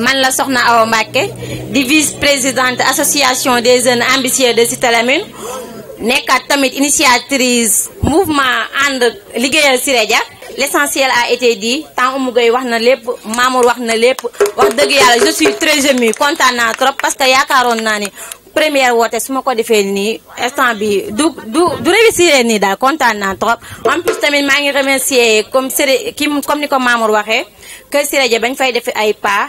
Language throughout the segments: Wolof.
man la Soxna Awa Mbacké di vice-présidente association des jeunes ambitieux de Cité Lamy tamit initiatrice mouvement and liggéeyal Siré l'essentiel a été dit tant Oumou Gueye wax na lépp Mamour wax na lépp wax dëgg yàlla je suis très ému kontaan trop parce que yakaron nani première woote su ko defee nii instant bi du du du réussir ni daal kontaan trop en plus tamit maa ngi remercier comme comme ni ko Mamour waxé que Siré Dia bañ fay def ay pas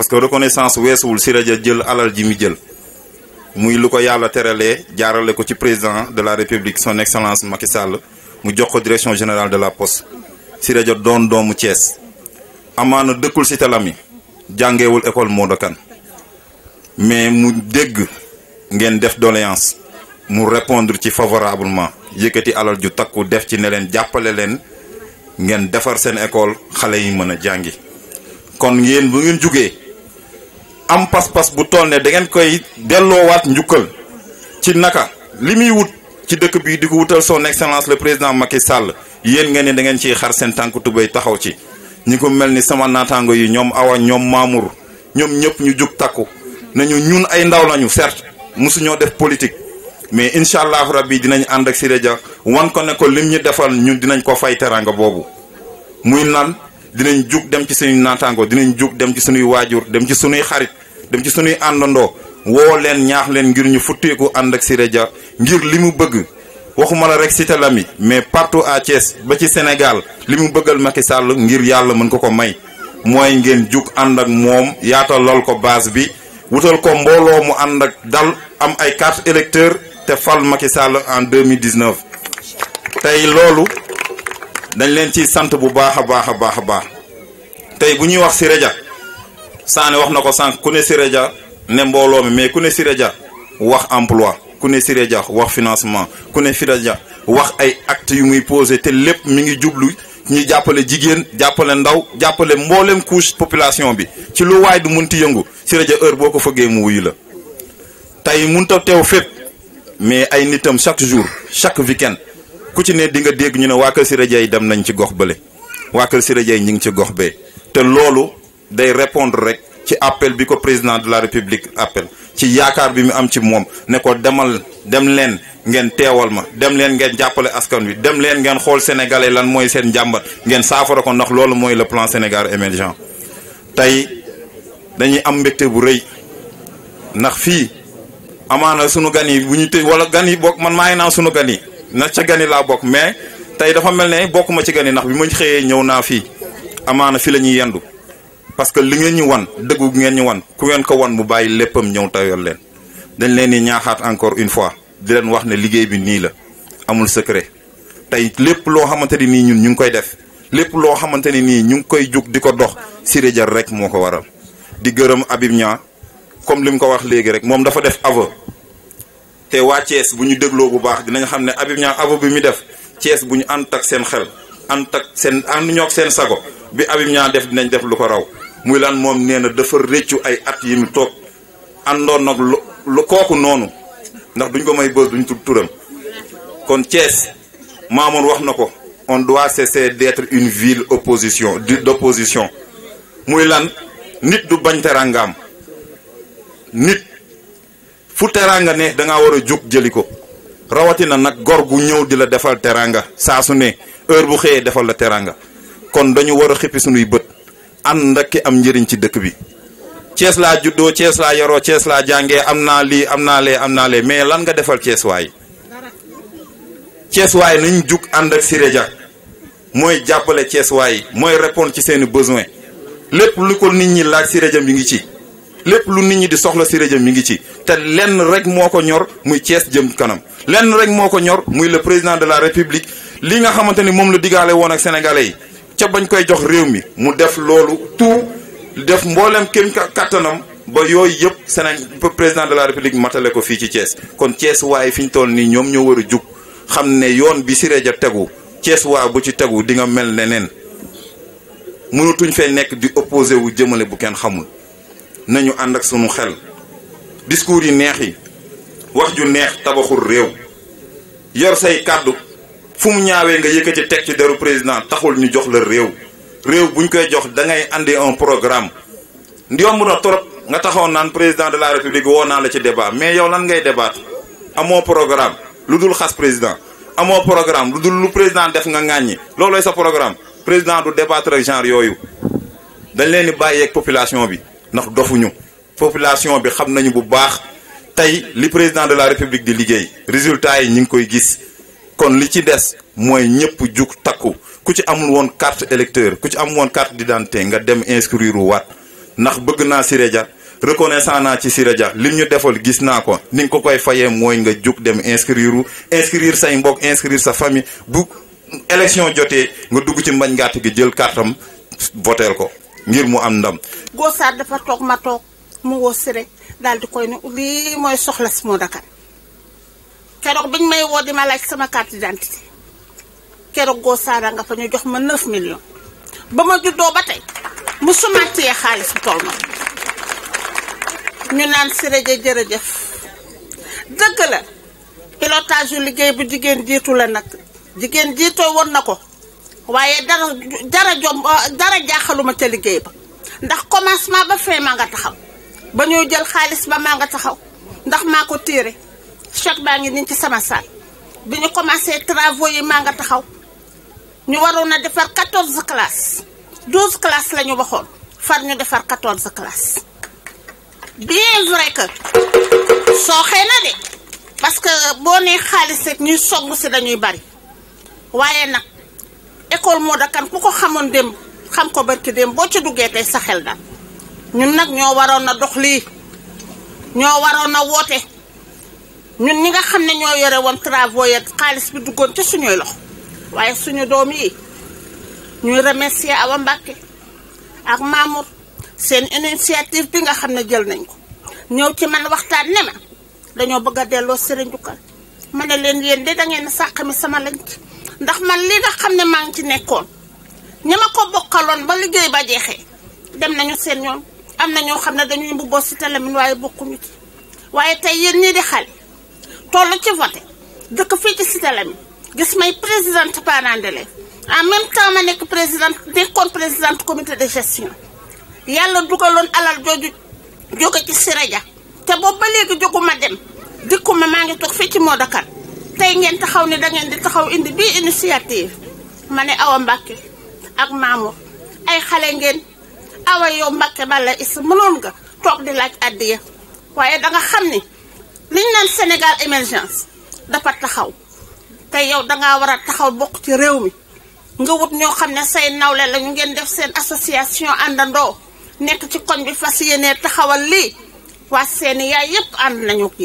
parce que reconnaissance wessoul Siré Dia jël alal ji mu jël muy lu ko yàlla teralee jaarale ko ci président de la république son excellence Macky Sall mu jox ko direction générale de la poste Siré don doon doomu Thiès amaana dëkkul ci talam yi école modokan mais mu dégg ngén def doléance mu répondre ci favorablement yëkkati alal ju takku def ci ne jappalé jàppale ngén défar sen école xalé yi mën a kon yéen bu ngeen jugee am pas-pas bu toll ne da ngeen koy delloowaat njukkal ci naka li muy wut ci dëkk bii di ko wutal son excellence le président Macky sàll yéen nga ne da ngeen ciy xar seen tànk tubéy taxaw ci ñu ko mel ni sama naataango yi ñoom awa ñoom Mamour ñoom ñëpp ñu jug takku nañu ñun ay ndaw lañu certes mosuñoo def politique mais incha allah rabbi dinañ ànd ak Siré Dia wan ko ne ko lim ñu defal ñun dinañ ko fay teranga boobu muy lan dinañ jug dem ci suñuy naataango dinañ jug dem ci suñuy waajur dem ci suñuy xarit dem ci sunuy àndandoo woo leen ñaax leen ngir ñu futteeku ànd ak Siré Dia ngir li mu bëgg waxuma la rek Cité Lamy mais partout à Thiès ba ci Sénégal li mu bëggal Macky Sall ngir yàlla mën ko ko may mooy ngeen jug ànd ak moom yaatalal ko baas bi wutal ko mbooloo mu ànd ak dal am ay carte électeur te fal Macky Sall en 2019 tey loolu dañ leen ci sant bu baax a baax a baax a baax tey bu ñuy wax Siré Dia Sané wax na ko sànq ku ne Siré ne mbooloo mi mais ku ne Siré Dia wax emploi ku ne Siré Dia wax financement ku ne Siré Dia wax ay actes yu muy posé te lépp mi ngi jublu ñu jàppale jigéen jàppale ndaw jàppale mboolem couche population bi ci lu waay du munti yëngu Siré Dia heure boo ko fëggee mu wuyu la tey munta teew fépp mais ay nitam chaque jour chaque week-end ku ci ne di nga dégg ñu ne waa kër Siré Dia yi dem nañ ci gox bële waa kër Siré yi ñu ngi ci gox bee te loolu day répondre rek ci appel bi ko président de la république appel ci yaakaar bi mu am ci moom ne ko demal dem leen ngeen teewal ma dem leen ngeen jàppale askan wi dem leen ngeen xool sénégalais lan mooy seen njàmbar ngeen saafara ko ndax loolu mooy le plan Sénégal émergent tey dañuy am mbégte bu rëy ndax fii amaana sunu gan yi bu ñu tëj wala gan yi bokk man maa ngi naan sunu gan yi na ci gan yi laa bokk mais tey dafa mel ne bokkuma ci gan ndax bi ma xëyee ñëw naa fii amaana fi la ñuy yendu parce que li ngeen ñu wan dëggu ngeen ñu wan ku ngeen ko wan mu bàyyi léppam ñëw tayoon leen dañ leen di ñaaxaat encore une fois di leen wax ne liggéey bi nii la amul secret tey lépp loo xamante ni nii ñun ñu ngi koy def lépp loo xamante ni nii ñu ngi koy jug di ko dox Siré Dia rek moo ko waral di gërëm Habib Niang comme li mu ko wax léegi rek moom dafa def aveu te waa Thiès bu ñu dégloo bu baax dinañ xam ne Habib Niang aveu bi mu def Thiès bu ñu ànd ak seen xel ànd seen ànd seen sago bi Habib def dinañ def lu ko raw muy mom neena na dafa rëccu ay at yi mi tok andon nag lu kooku noonu ndax duñ ko may bo duñ tudd turam kon ties Mamour wax nako on doit cesser d'être une ville opposition d'opposition muy lan nit du bañ teraangaam nit fu teranga ne da nga wara a jóg rawati na na nag gor gu ñew di la defal teranga sa su ne heure bu xëyee defal la teranga kon dañu wara a suñuy beut ànd ak ki am njëriñ ci dëkk bi Cees laa juddoo Cees laa yoroo Cees laa jàngee am naa lii am naa lee am naa lee mais lan nga defal Cees waay Cees waay nañ jug ànd ak Siré Dia mooy jàppale Cees waay mooy répondre ci seeni besoin lépp lu ko nit ñi laaj Siré Dia mi ngi ci lépp lu nit ñi di soxla Siré Dia mi ngi ci te lenn rek moo ko ñor muy Cees jëm kanam lenn rek moo ko ñor muy la président de la république li nga xamante ni moom la digaale woon ak sénégalais yi ca bañ koy jox réew mi mu def loolu tout def mboolem kenn kattanam ba yooyu yëpp Séné président de la république matale ko fii ci Thiès kon Thiès waaye fi ñu toll nii ñoom ñoo war a jug xam ne yoon bi Siré Dia tegu Thiès waa bu ci tegu di nga mel ne neen mënatuñ fee nekk di opposé wu jëmale bu kenn xamul nañu ànd ak sunu xel discours yi neex yi wax ju neex tabaxul réew yor say kàddu fu mu ñaawee nga yëkkati teg ci deru président taxul ñu jox la réew réew bu ñu koy jox dangay ngay andi un programme yomb na trop nga taxaw naan président de la république woo naa la ci débat mais yow lan ngay débat amoo programme lu dul xas président amoo programme lu dul lu président def nga ŋàññi loolooy sa programme président du débattre ak yooyu dañ leen di bàyyeeg population bi ndax dofuñu population bi xam nañu bu baax tey li président de la république di liggéey résultat yi ñu ngi koy gis kon li ci des mooy ñëpp jug takku ku ci amul woon carte électeur ku ci amul woon carte d'identité nga dem inscrire wat ndax bëgg naa Siré Dia reconnaissant naa ci Siré Dia lim ñu defal gis naa ko ni nga ko koy fayee mooy nga jug dem inscrire inscrire say mbokk inscrire sa famille bu élection jotee nga dugg ci mbañ gàtt gi jël kartam voteel ko ngir mu am ndam. Gosaat dafa toog ma toog mu woo Siré daal di koy ne lii mooy soxla si moo dakar keroog biñ may woo di ma laaj sama carte d'identité keroog goo saara nga fa ñu jox ma 9 millions ba ma juddoo ba tey musuma téye xaalis bu toll noonu ñu naan Siré Dia jërëjëf dëgg la pilotage liggéey bu jigéen jiitu la nag jigéen jiitoo woon na ko waaye dara dara dara jaaxaluma ca liggéey ba ndax commencement ba fee maa nga taxaw ba ñuy jël xaalis ba maa nga taxaw ndax maa ko tiire choc baa ngi nii ci sama saal bi ñu commencé travaux yi maa nga taxaw ñu waroon a defar 14 classes 12 classes waxoon far ñu defar 14 classes bien vrai que sooxee de parce que boo nee xaalis rek ñuy song si dañuy bari waaye nag école Modou Kane ku ko xamoon démb xam ko barki démb boo ci duggee tey sa xel daal ñun nag ñoo waroon a dox lii ñoo waroon a woote. ñun ñi nga xam ne ñoo yore woon travaux yeeg xaalis bi duggoon ci suñuy loxo waaye suñu doom yi ñuy remercier Awa Mbacke ak Mamour seen initiative bi nga xam ne jël nañ ko ñëw ci man waxtaan ne ma dañoo bëgg a delloo sëriñ njukkal ma ne leen yéen de da ngeen sàq mi sama lañ ci ndax man li nga xam ne maa ngi ci nekkoon ña ma ko bokkaloon ba liggéey ba jeexee dem nañu seen yoon am na ñoo xam ne dañuy mbubboo si Cité waaye bokkuñu ci waaye tey yéen ñi di xale toll ci voté dëkk fii ci Cité Lamy gis may président parent d'élève en même temps ma nekk présidente nekkoon présidente commité de gestion yàlla dugaloon alal jooju jóge ci Siré Dia te boobu ba léegi jóguma dem dikkuma maa ngi toog fii ci moo Dakar tey ngeen taxaw ni da di taxaw indi bi initiative ma ne Awa Mbacke ak Mamour ay xale ngeen Awa yow Mbacke bala is mënoon nga toog di laaj addiya waaye danga xam ni li ñu naan Sénégal émergence dafa taxaw te yow danga war a taxaw bokk ci réew mi nga wut ñoo xam ne say nawle la ñu ngeen def seen association àndandoo nekk ci koñ bi fas yéenee taxawal lii waa seeni yaay yépp ànd nañu ak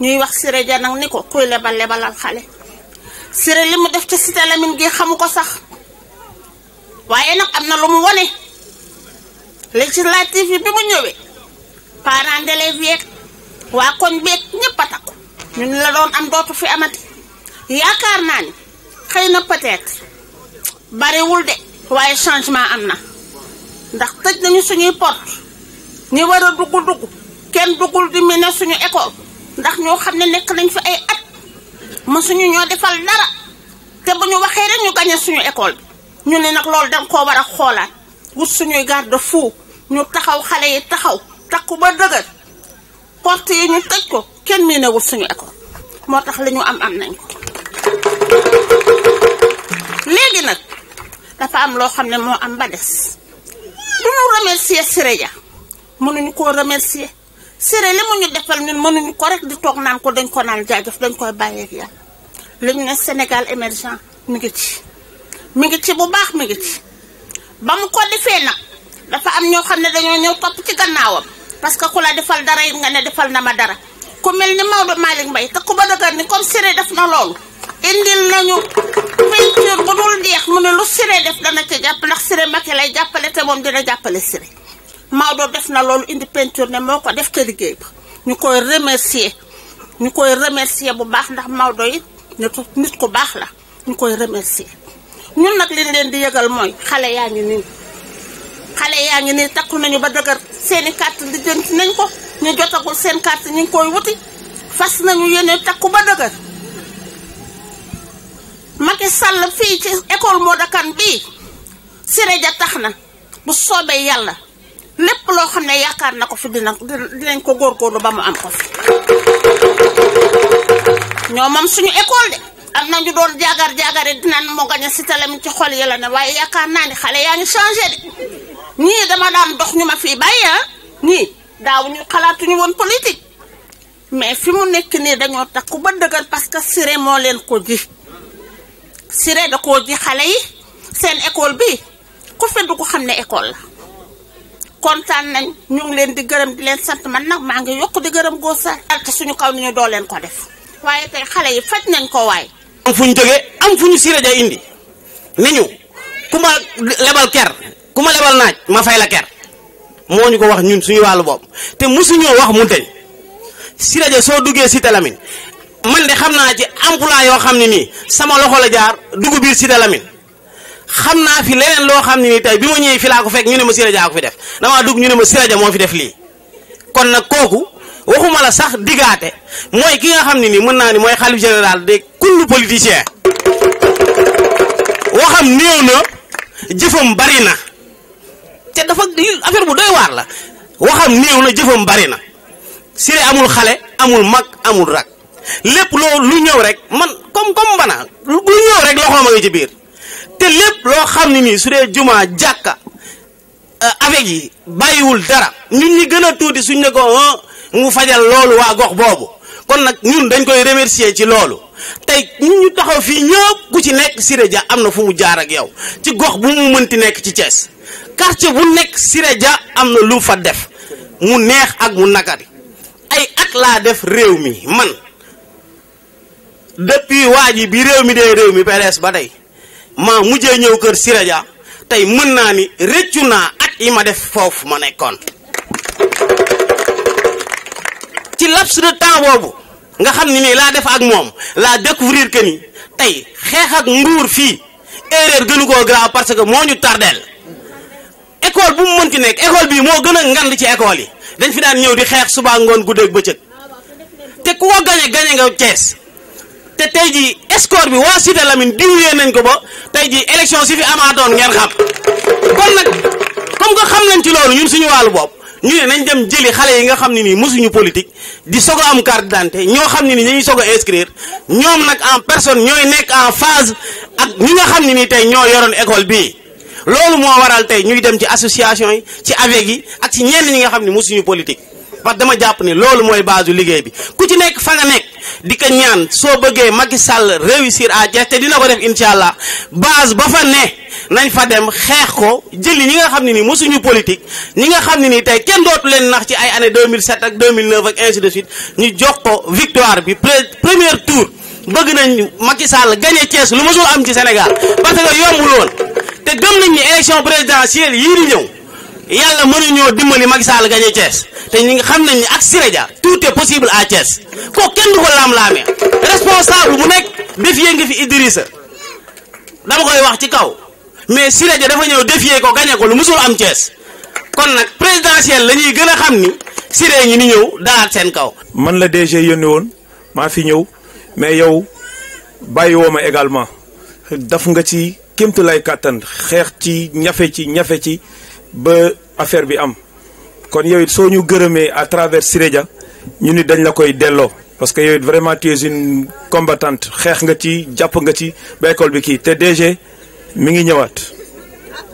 ñuy wax Siré Dia nag ni ko kuy lebal lebalal xale Siré li mu def ci Cité Lamy gi xamu ko sax waaye nag am na lu mu wone législative bi bi mu ñëwee parents d'élèves yeeg waa koñ beeg ñëpp a takku ñun la doon am dootu fi amati yaakaar naa ni xëy na peut-être de waaye changement am na ndax tëj nañu suñuy porte ñi war a dugg dugg kenn duggul di mine suñu école ndax ñoo xam ne nekk nañ fi ay at ma suñu ñoo defal dara te bu ñu waxee rek ñu gañe suñu école bi ñu ne nag loolu danga koo war a xoolaat wut suñuy garde fou ñu taxaw xale yi taxaw takku ba dëgër porte yi ñu tëj ko kenn miinewul suñu école moo tax li am am nañ ko léegi nag dafa am loo xam ne moo am ba des du ñu remercier Siré Dia koo remercier Siré li mu ñu defal ñun mënuñu ko rek di toog naan ko dañ ko naan jaajëf dañ koy bàyyeeg yàlla li ñu ne Sénégal émergent mi ngi ci mi ngi ci bu baax mi ngi ci ba mu ko defee nag dafa am ñoo xam ne dañoo ñëw topp ci gannaawam parce que ku la defal dara yi nga ne defal na ma dara ku mel ni Maodo Malick may te ku ba dëgër ni comme Siré def na loolu indil nañu peinture bu dul jeex mu ne lu Siré def dana ca jàpp ndax Siré Mbacké lay jàppale te moom dina jàppale Siré Maodo def na loolu indi peinture ne moo ko def ca liggéey ba ñu koy remercier ñu koy remercier bu baax ndax Maodo it nit ku baax la ñu koy remercier ñun nag liñ leen di yëgal mooy xale yaa ngi nii xale yaa ngi nii takku nañu ba dëgër seeni carte lijjanti nañ ko ñu jotagul seen carte ñu ngi koy wuti fas nañu yéene takku ba dëgër Macky Sall fii ci école moo Kane bii Siré Dia tax na bu soobee yàlla lépp loo xam ne yaakaar na ko fi dina dinañ ko góor góorgóorlu ba mu am ko fi ñoo moom suñu école de am na ñu doon jaagar jaagare dinaan moo gañe si talam ci xol yi la ne waaye yaakaar naa ni xale yaa ngi changé de ni dama daan dox ñu ma fii ni daw ñii daawuñu xalaatuñu woon politique mais fi mu nekk nii dañoo takku ba dëgër parce que Siré moo leen ko ji Siré da koo ji xale yi seen école bi ku fi dugg xam école la kontaan nañ ñu ngi leen di gërëm di leen sant man nag maa ngi yokk di gërëm góor sa te suñu kaw ñu doo leen ko def waye tey xale yi faj nañ ko waay am fu ñu jógee am fu ñu Siré ja indi ni ñu lebal ker ku ma lebal naaj ma fay la ker moo ñu ko wax ñun suñu wàllu boobu te mosuñoo wax mu deñ si rajo soo duggee Cité Lamine man de xam naa ci emploi yoo xam ne nii sama loxo la jaar dugg biir Cité Lamine xam naa fi leneen loo xam ne nii tey bi ma ñëwee fi laa ko fekk ñu ne ma si ko fi def damaa dugg ñu ne ma si moo fi def lii kon nag kooku waxuma la sax diggaate mooy ki nga xam ne nii mën naa ni mooy xalif général de kullu politicien waxam néew na jëfam bari na te dafa affaire bu doy waar la waxam néew na jëfam bari na Siré amul xale amul mag amul rag lépp loo lu ñëw rek man comme comme bana lu ñëw rek loxoom a ngi ci biir te lépp loo xam ne nii su dee jumaa jàkka euh, avec yi bàyyiwul dara ñu ñu gën a tuuti suñ ne ko mu fajal loolu waa gox boobu kon nag ñun dañ koy remercier ci loolu tey ñun ñu taxaw fii ñëpp ku ci nekk si Siré Dia am na fu mu jaar ak yow ci gox bu mu mënti nekk ci Thiès quartier bu nekk Siré Dia am na lu fa def mu neex ak mu nakari ay at laa def réew mi man depuis waa ji bi réew mi dee réew mi PDS ba tey ma mujjee ñëw kër Siré Dia tey mën naa ni rëccu naa at yi ma def foofu ma nekkoon ci laps de temps boobu nga xam ni nii laa def ak moom laa découvrir que ni tey xeex ak nguur fii erreur gënu koo grave parce que moo ñu tardeel école bu mu mënti nekk école bii moo gën a ngand ci école yi dañ fi daan ñëw di xeex suba ngoon guddeeg bëccëg te ku ko gañe gañe nga Cees te tey jii escore bi waa Cité Lamine diwuyee nañ ko ba tey jii élection si fi amaatoon ngeen xam kon nag comme que xam nañ ci loolu ñun suñu wàllu bopp ñu ne nañ dem jëli xale yi nga xam ne nii mosuñu politique di soog a am carte d'identité ñoo xam ne nii dañuy soog a ñoom nag en personne ñooy nekk en phase ak ñi nga xam ne nii tey ñoo yoroon école bii loolu moo waral tey ñuy dem ci association yi ci avec yi ak ci ñenn ñi nga xam ne mosuñu politique parce que dama jàpp ne loolu mooy base liggéey bi ku ci nekk fa nga nekk di ko ñaan soo bëggee Macky Sall réussir à Thiès te dina ko def incha allah base ba fa ne. nañ fa dem xeex ko jëli ñi nga xam ne nii mosuñu politique ñi nga xam ne nii tey kenn dootu leen nax ci ay année 2007 ak 2009 ak ainsi de suite ñu jox ko victoire bi premier tour bëgg nañ Macky Sall gagné Thiès lu mësul am ci Sénégal parce que yombul woon te gëm nañ ni élection présidentielle yii di ñëw yàlla mënuñoo dimbali Macky Sall gagné Thiès te ñi nga xam nañ ni ak Siré Dia tout est possible à Thiès kooku kenn du ko laam-laamee responsable bu nekk défier nga fi Idrissa dama koy wax ci kaw mais Siré Dia dafa ñëw défier ko gagné ko lu mësul am Thiès kon nag présidentielle la ñuy gën a xam ni sire ngi ni ñëw dalaat seen kaw. man la DG yónni woon maa fi ñëw. mais yow bàyyi woo ma également daf nga ci kémtu lay kàttan xeex ci ñafe ci ñafe ci ba affaire bi am kon yow it soo ñu gërëmee à travers Sirédia ñu ni dañ la koy delloo parce que yow vraiment tu es une combattante xeex nga ci jàpp nga ci ba école bi kii te DG mi ngi ñëwaat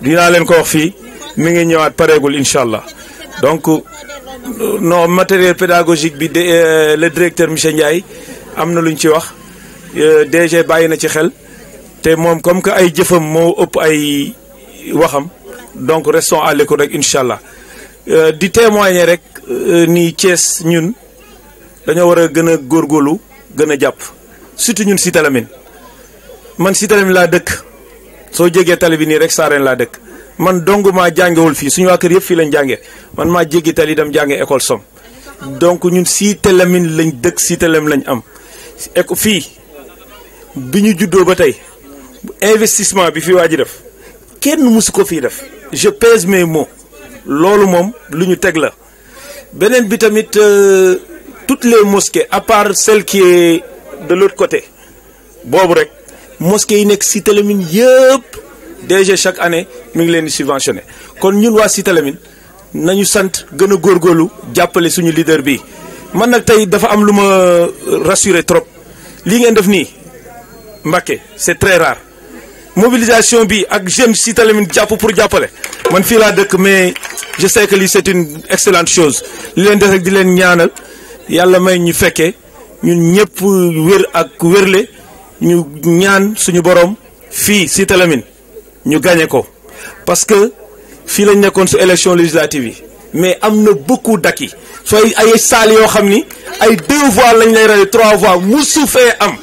dinaa leen ko wax fii mi ngi ñëwaat pareegul incha allah donc euh, non matériel pédagogique bi de euh, le directeur monsieur Ndiaye am na lu ñu ci wax euh, DG bàyyi na ci xel te moom comme que ay jëfam moo ëpp ay waxam donc restons à l'écoute rek incha allah euh, di témoigner rek euh, ni Thiès ñun dañoo war a gën a góor góorlu gën a jàpp surtout ñun Cité Lamy man Cité Lamy laa dëkk soo jegee tali bi nii rek Sarène laa dëkk man dong maa jàngewul fii suñu waa kër yëpp fii lañ jàngee man maa jéggi tali dem jànge école som donc ñun Cité Lamy lañ dëkk Cité Lamy lañ am fii bi ñu juddoo ba tey investissement bi fi waa def kenn musu ko fii def je pèse mes mots loolu moom lu ñu teg la beneen bi tamit euh, toutes les mosquées à part celle qui est de l'autre côté boobu rek mosquée yi nekk Cité Lamy yëpp déjà chaque année mi ngi leen di subventionné kon ñun waa Cité nañu sant gën a góorgóorlu jàppale suñu leader bi man nag tey dafa am lu ma euh, rassuré trop li ngeen def nii Mbacké c'est très rare mobilisation bi ak jëm si tamit jàpp pour jàppale man fii laa dëkk mais je sais que lii c'est une excellente chose li leen def rek di leen ñaanal yàlla may ñu fekkee ñun ñëpp wér ak wérle ñu ñaan suñu borom fii si Lamine ñu gagné ko parce que fii lañ nekkoon su élection législative yi mais am na beaucoup d'acquis soy ay salle yo xamni ay deux voies lañ lay rawee trois voies musu am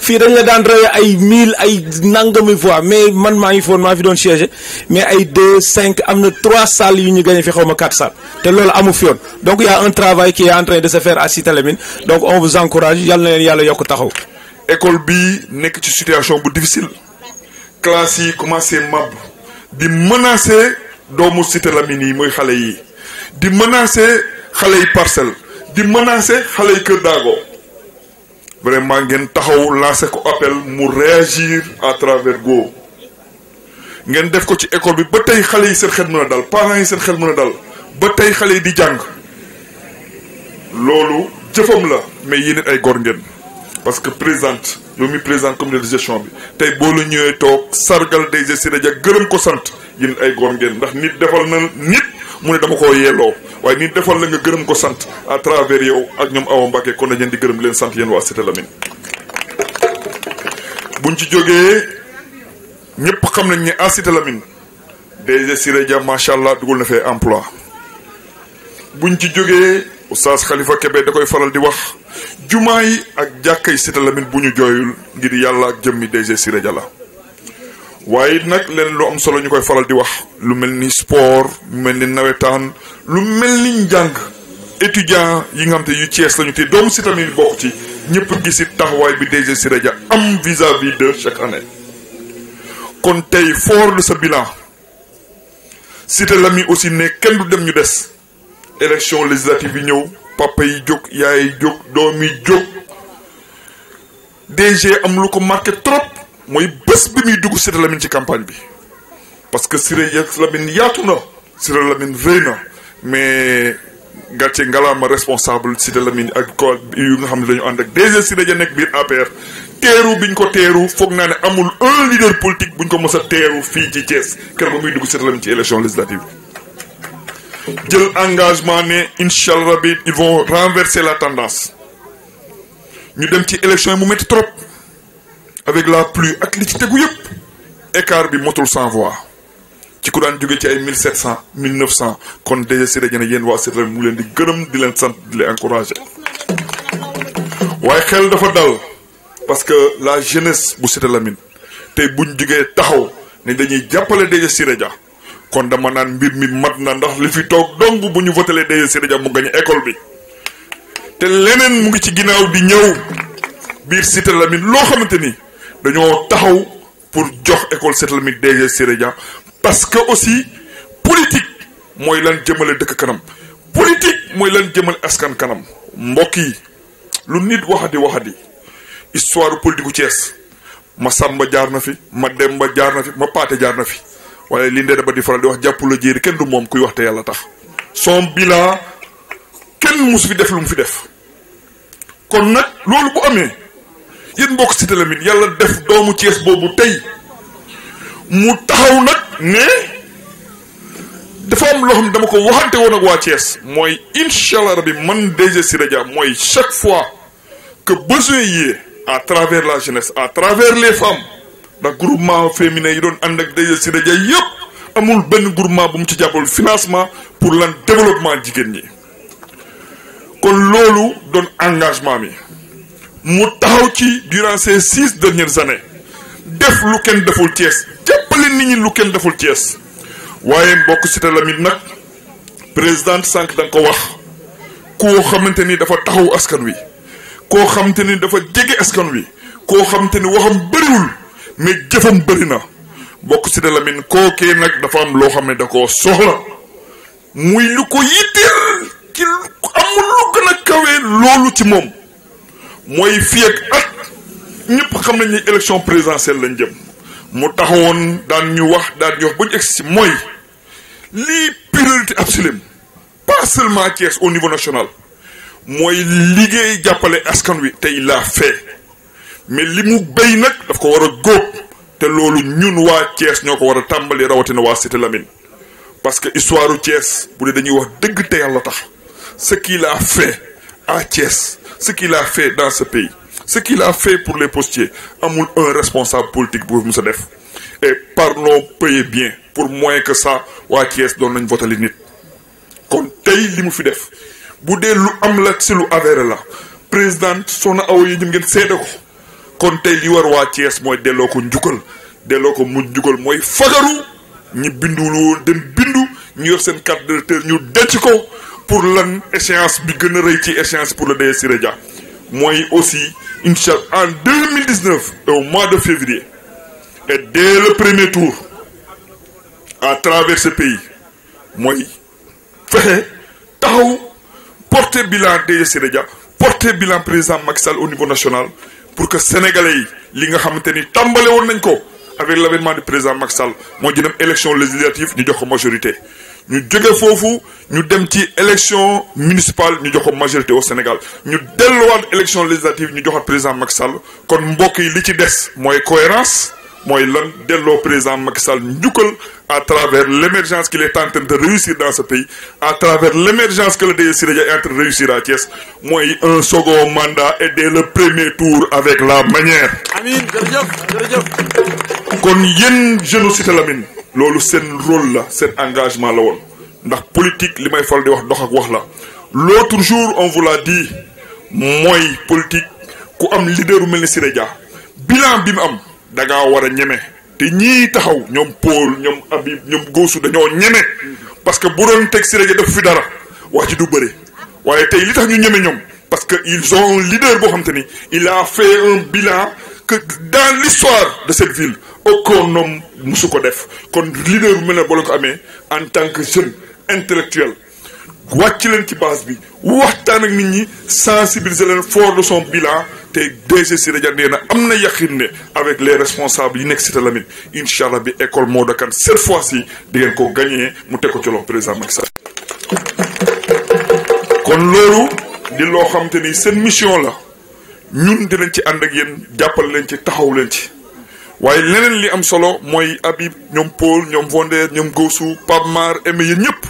fi dañ la daan ay mille ay nangami voies mais man maa ngi foon maa fi doon siégé mais ay deux cinq amna trois salles yu ñu gagné fi xawma ma quatre salles te loolu amu fi yoon donc y a un travail qui est en train de se faire à Cité Lamy donc on vous encourage yalla na leen yàlla yokk taxaw. école bi nek ci situation bu difficile classe yi commencé mab di menacer doomu Cité Lamy yi mooy xale yi. di menacer xale yi parcelle di menacer xale yi Kër Daago vraiment ngeen taxaw lancer ko appel mu réagir à travers Go ngeen def ko ci école bi ba tey xale yi seen xel mën a dal parents yi seen xel mën a dal ba tey xale yi di jàng loolu jëfam la mais yéen ay góor ngeen parce que présente yow mi présente comité bi tey boo la ñëwee toog sargal day gestion ja gërëm ko sant yéen ay góor ngeen ndax nit defal na nit. mu ne dama ko yelloo waaye ni defoon la nga gërëm ko sant à travers yow ak ñoom Awa Mbacké kon nañu leen di gërëm leen sant yéen waa Cité Lamine buñ ci jógee ñëpp xam nañ ne à Cité Lamine DG Siré Dia macha allah dugal na fee emploi buñ ci jógee oustaz Khalifa Kébé da koy faral di wax jumaa yi ak jàkkay Cité Lamine bu ñu jooyul ngir yàlla ak jëmmi des Siré Dia la waaye nag leen lu am solo ñu koy faral di wax lu mel ni sport lu mel ni nawetaan lu mel ni njàng étudiant yi nga xam te yu Thiès lañu te doomu si tamit ci ñëpp gis it taxawaay bi DG Siré Dia am vis à de chaque année kon tey fort de sa bilan Cité aussi ne kenn du dem ñu des élection législative yi ñëw papa yi jóg yaay yi jóg doom jóg DG am lu ko marqué trop mooy bés bi muy dugg Siré Lamine ci campagne bi parce que Siré Lamine yaatu na Siré Lamine rëy na mais gàcce ngalaama responsable Siré Lamine ak ko nga xam ne dañu ànd ak DG Siré ja nekk biir APR teeru biñ ko teeru foog naa ne amul un leader politique buñ ko mës a teeru fii ci Thiès kër ba muy dugg Siré Lamine ci élection législative jël engagement ne incha bi il ils vont renverser la tendance ñu dem ci élection yi mu métti trop. avec la pluie ak li ci tegu yëpp écart bi motul cent voix ci ku daan jóge ci ay mille sept cent mille neuf cent kon déjà si dañu ne yéen waa Siré mu leen di gërëm di leen sant di leen encouragé waaye xel dafa dal parce que la jeunesse bu Cité Lamine tey buñ jógee taxaw ne dañuy jàppale déjà Siré Dia kon dama naan mbir mi mat na ndax li fi toog dong bu ñu votalee déjà Siré Dia mu gañ école bi te leneen mu ngi ci ginnaaw di ñëw biir Cité Lamine loo xamante ni. dañoo taxaw pour jox école settlement DG sereja. parce que aussi politique mooy lan jëmale dëkk kanam politique mooy lan jëmale askan kanam mbokk yi lu nit waxadi waxadi histoire politique u ma samba jaar na fi ma demba jaar na fi ma paté jaar na fi waaye li ndee ba di faral di wax jàpp la jéeri kenn du moom kuy wax te yàlla tax son bilan kenn mus fi def lu mu fi def kon nag loolu bu amee yéen mbokk Cité Lamy def doomu Cees bobu tay mu taxaw nak ne dafa am loo xam dama ko waxante won ak wa Cees moy inshallah rabbi man DG Siré Dia chaque fois que besoin à travers la jeunesse à travers les femmes da groupement féminin yi doon ak amul ben groupement bu mu ci le financement pour le développement ñi kon lolu engagement mi. mu taxaw ci durant ces six dernières années def lu kenn deful Thiès jàppale nit ñi lu kenn deful Thiès waaye mbokk Cité Lamy nag présidente sànq da ko wax koo xamante ni dafa taxaw askan wi koo xamante ni dafa jege askan wi koo xamante ni waxam bëriwul mais jëfam bëri na mbokk Cité Lamy kookee nag dafa am loo xam ne da ko soxla muy lu ko yitteel ci amul lu gën a kawee loolu ci moom. mooy fii ak at xam nañ ne élection présidentielle lañ jëm mu taxawoon daan ñu wax daan ñu wax ba ñu mooy lii priorité absolue pas seulement Thiès au niveau national mooy liggéey jàppale askan wi tey la fait mais li mu béy nag daf ko war a góob te loolu ñun waa Thiès ñoo ko war a tàmbali rawatina waa Cité Lamine parce que histoire u Thiès bu dee dañuy wax dëgg te yàlla tax ce qu'il a fait à Thiès ce qu'il a fait dans ce pays ce qu'il a fait pour les postiers Amoul, un responsable politique pour mu def et parlons payer bien pour moins que ça waa donne une nañ votali nit kon tey li mu fi def bu président sona au Ndiaye ngeen seede ko kon tey li war waa Thiès mooy delloo ko njukkal delloo ko mu njukkal fagaru ñi dem bindu ñu yor sen carte ñu pour l'échéance, bi échéance pour le DS Moi moy aussi en 2019, au mois de février et dès le premier tour à travers ce pays moy fexe taxaw porter bilan DS, Siré porter bilan président Macky Sall au niveau national pour que sénégalais li nga xamanteni ni won nañ avec l'avènement du président Macky Sall moo une élection législative de jox majorité ñu devons fofu ñu dem ci élection municipale ñu joxo majorité au Sénégal ñu delluwaat élection législative nous joxo président Macky Sall kon mbokk yi li ci dess cohérence moy lan delloo président Macky Sall njukkal à travers l'émergence qu'il est en train de réussir dans ce pays à travers l'émergence que le DSC est en train de réussir à Thiès moy un second mandat et dès le premier tour avec la manière. amin jërëjëf jërëjëf. kon yéen génocide, Cité loolu seen rôle la seen engagement la woon ndax politique li may fal di wax dox ak wax la l'autre jour on vous l'a dit mooy politique ku am leader mel ni bilan bi mu am da ngaa war a ñeme te ñii taxaw ñoom Paul ñoom Habib ñoom Gossou dañoo ñeme parce que bu doon teg Siré Dia def fi dara wax ci du bëre waaye tey li tax ñu ñeme ñoom parce que ils ont un leader boo xam te ni il a fait un bilan que dans l'histoire de cette ville aucun homme su ko def kon leader bu mel ne boo ko amee en tant que jeune intellectuel wàcc leen ci base bi waxtaan ak nit ñi sensibiliser leen fort de son bilan te DG si Dia nee na am na yaqin ne avec les responsable yi nekk Cité Lamy incha allah bi école Maodo Kane cette fois si di ngeen ko gagné mu teg ko ci loxo président Macky Sall kon loolu di loo xam ni seen mission la ñun dinañ ci ànd ak yéen jàppal leen ci taxaw leen ci. waaye leneen li am solo mooy Habib ñoom Paul ñoom Vondé ñoom Gossou Pape Mar Aimé yéen ñëpp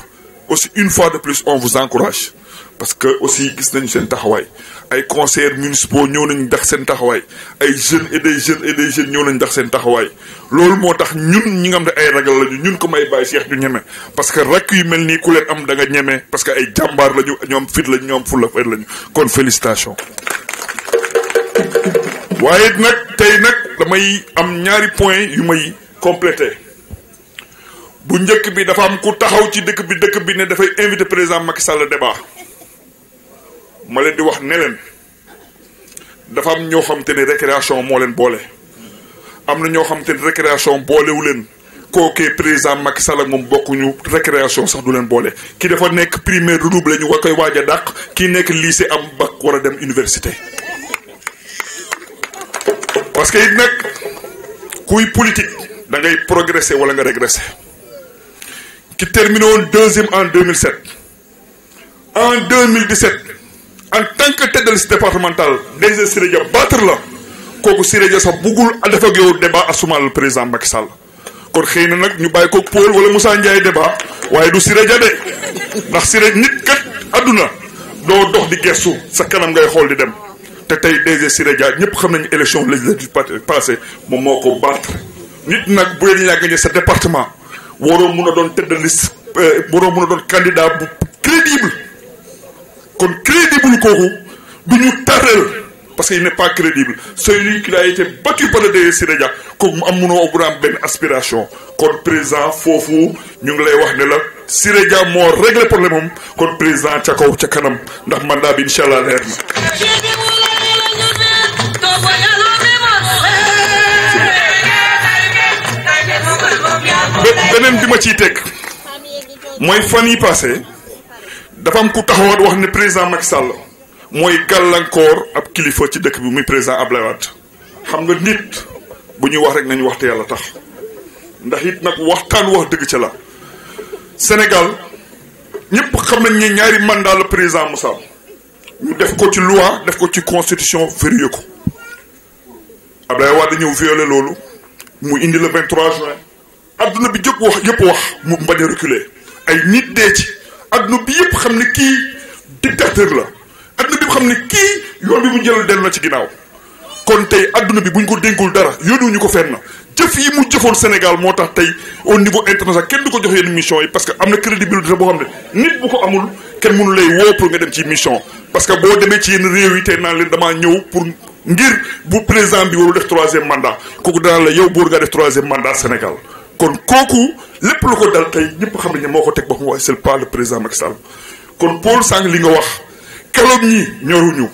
aussi une fois de plus on vous encourage parce que aussi gis nañu seen taxawaay ay conseillers municipaux ñëw nañu ndax seen taxawaay ay jeunes et des jeunes et ñëw nañu ndax seen taxawaay loolu moo tax ñun ñi nga xam ne ay ragal lañu ñun ko may bàyyi Cheikh ñu ñeme parce que rakk yi mel nii ku leen am da nga ñeme parce que ay jàmbaar lañu ñoom fit lañu ñoom fulla fër lañu kon félicitation waaye nag tey nag damay am ñaari point yu may complété bu njëkk bi dafa am ku taxaw ci dëkk bi dëkk bi ne dafay invité président Macky Sall débat ma leen di wax ne leen dafa am ñoo xam te ne récréation moo leen boole am na ñoo xam te ne récréation wu leen kookee président Macky Sall ak moom bokkuñu récréation sax du leen boole ki dafa nekk primaire redoublé ñu war koy waaja a dàq kii nekk lii si am ba war a dem université parce que it nag kuy politique da ngay progresser wala nga régresser ki terminé woon deuxième en 2007 en 2017 en tant que tête de liste départementale DG Siré Dia battre la kooku Siré Dia sax buggul a def ak yow débat asumaal président Macky Sall kon xëy na nag ñu bàyyi ko Paul wala Moussa Ndiaye débat waaye du Siré Dia de ndax Siré nit kat àdduna doo dox di gestu sa kanam ngay xool di dem. tay tey DG sirega Dia ñëpp xam nañu élection législative passée moom moo battre nit nak bu dee ñu gagné sa département waroo mëna a doon de liste euh, waroo mëna doon candidat bu crédible kon crédible koku du ñu parce qu'il n'est pas crédible celui qui a été battu par le DG Siré Dia kooku mu am munoo aspiration kon président fofu ñu ngi lay wax né la Siré mo régler problème kon président ca kaw ca kanam ndax mandat bi incha beneen bi ma ciy teg mooy fan yi passé dafa am ku taxawaat wax ne président Macky Sall mooy gàllankoor ab kilifa ci dëkk bi muy président Abdoulaye xam nga nit bu ñuy wax rek nañu wax te yàlla tax ndax it nag waxtaan wax dëgg ca la Sénégal ñëpp xam nañ ne ñaari mandat la président Moussa ñu def ko ci loi def ko ci constitution vérifié ko Abdoulaye Wade ñëw violé loolu mu indi le 23 juin. adduna bi jëpp wax yëpp wax mu mbañ a reculer ay nit dee ci adduna bi yëpp xam ne kii dictateur la adduna bi xam ne kii yoon bi mu jëlal dellu na ci ginnaaw kon tey adduna bi buñ ko dénkul dara ñu ko fenn jëf yi mu jëfoon Sénégal moo tax tey au niveau international kenn du ko jox yenn mission yi parce que am na crédibilité boo xam ne nit bu ko amul kenn mënu woo pour nga dem ci mission parce que boo demee ci yenn réew yi tey naan leen damaa ñëw pour ngir bu président bi warul def kooku danaa la yow boor nga def troisième Sénégal kon kooku lépp lu ko dal tey ñëpp xam nañu ne moo ko teg boppam waaye c'est pas le président Macky kon Paul Sang li nga wax keroog ñi ñoruñu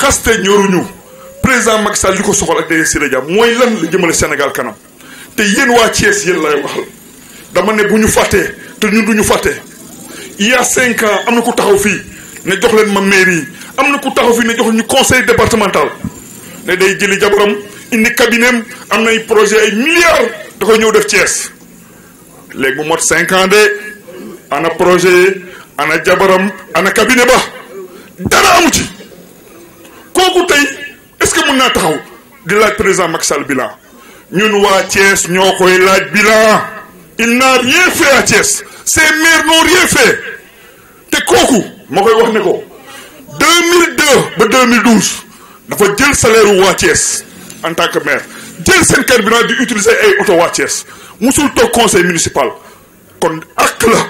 xaste ñoruñu président Macky Sall li ko soxal ak day Siré Dia mooy lan la jëmale Sénégal kanam te yéen waa Thiès yéen lay waxal dama ne bu ñu fàttee te ñun du ñu fàttee il y cinq ans am na ku taxaw fii ne jox leen ma mairie am na ku taxaw fii ne jox ñu conseil départemental ne day jëli jabaram. indi cabinet am na nay projet ay milliards da ñëw def Thiès léegi bu mot cinq de ana projet ana jabaram ana cabinet ba dara amu ci kooku tey est-ce que mun naa taxaw di laaj président Macky Sall bilan ñun waa Thiès ñoo koy laaj bilan il n'a rien fait à Thiès ces maires n'ont rien fait te kooku ma koy wax ne ba dafa jël salaire waa Thiès en tant que maire jël seen carburant di utiliser ay auto waa musul toog conseil municipal kon ak la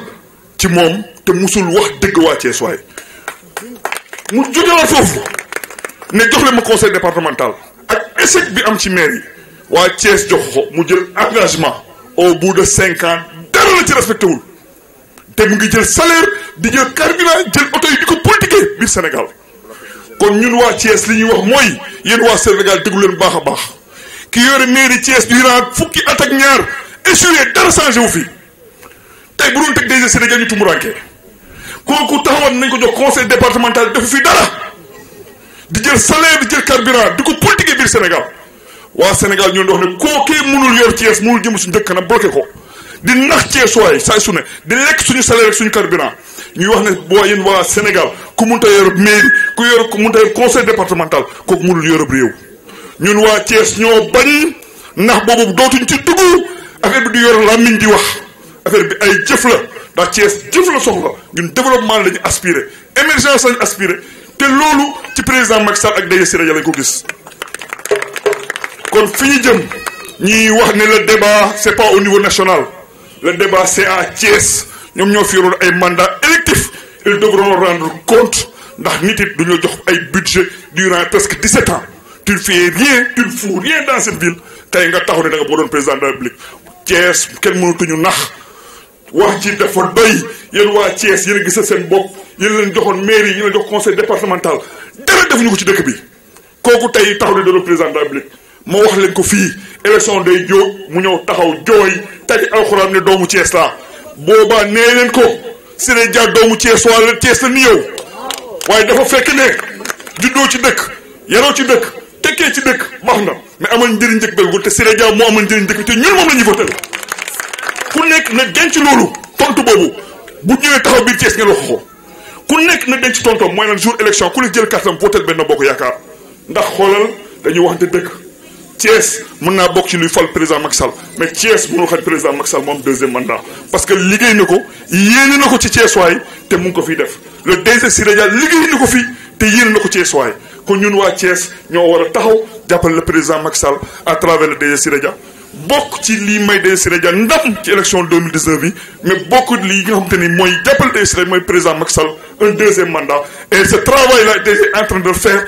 ci moom te musul wax dëgg waa Thiès waaye mu jógewaat foofu ne jox leen ma conseil départemental ak échec bi am ci maire yi waa Thiès jox ko mu jël engagement au bout de cinq ans dara la ci respecté wul te mu ngi jël salaire di jël carburant jël oto yi di ko politiquer biir Sénégal kon ñun waa Thiès li ñuy wax mooy yéen waa Sénégal déglu leen baax a baax ki yore mairie Thiès durant fukki at ak ñaar échoué dara changé wu fi tey bu doon teg DG Sénégal ñu tumuraanke kooku taxawoon nañ ko jox conseil départemental defu fi dara di jël salaire di jël carburant di ko politiquer biir Sénégal waa Sénégal ñoo dox ne kookee mënul yor Thiès mënul jëm suñu dëkk nag bloqué ko. di nax ceesuwaay yi saa su ne di lekk suñu salaire suñu carburant ñuy wax ne boo yéen waa Sénégal ku mënut a yorob mairie ku yor ku mënut a yor conseil départemental kooku mënul yorob réew ñun waa Thiès ñoo bañ ndax boobu dootuñ ci dugg affaire bi du yor làmmiñ di wax affaire bi ay jëf la ndax Thiès jëf la soxla ñun développement lañu ñu aspiré émergence la aspiré te loolu ci président Macky Sall ak Ndeye Sira Dia lañ ko gis kon fi ñu jëm ñuy wax ne le débat c'est pas au niveau national. le débat c'est à Thiès nous mandat électif ils devront rendre compte ndax nit budget durant presque 17 ans tu ne fais rien tu ne fous rien dans cette ville tu nga taxu le président de la République Thiès a wax dafa doy Thiès a leen mairie le conseil départemental dara Il ci a bi taxu le président de la République moo wax leen ko fii élection day jóog mu ñëw taxaw jooy tari alxuraan ne doomu Cees laa boobaa nee leen ko Siré Dia doomu Cees wala Cees la ni yow waaye dafa fekk ne juddoo ci dëkk yaroo ci dëkk tekkee ci dëkk baax na mais amal njëriñ dëkk bel te Siré Dia moo amal njëriñ dëkk bi te ñun moom la votel ku nekk na denc loolu tontu boobu bu ñëwee taxaw biir Cees ngeen wax ko ku nekk na denc tontom mooy lan jour élection ku ne jël kartam votel benn bokk yaakaar ndax xoolal dañuy waxante dëkk Thiès mën naa bokk ci luy fal président Macky Sall mais Thiès mënul xañ président Macky Sall moom deuxième mandat parce que liggéey na ko yéene na ko ci Thiès waay te mu ngi ko fi def le si Siré Dia liggéey na ko fii te yéene na ko Thiès waay kon ñun waa Thiès ñoo war a taxaw jàppale le président Macky Sall à travers le si Siré Dia bokk ci lii may DG Siré Dia ndam ci élection 2019 bi mais bokk lii nga xam te ni mooy jàppale DG Siré mooy président Macky Sall un deuxième mandat et ce travail là DG est en train de le faire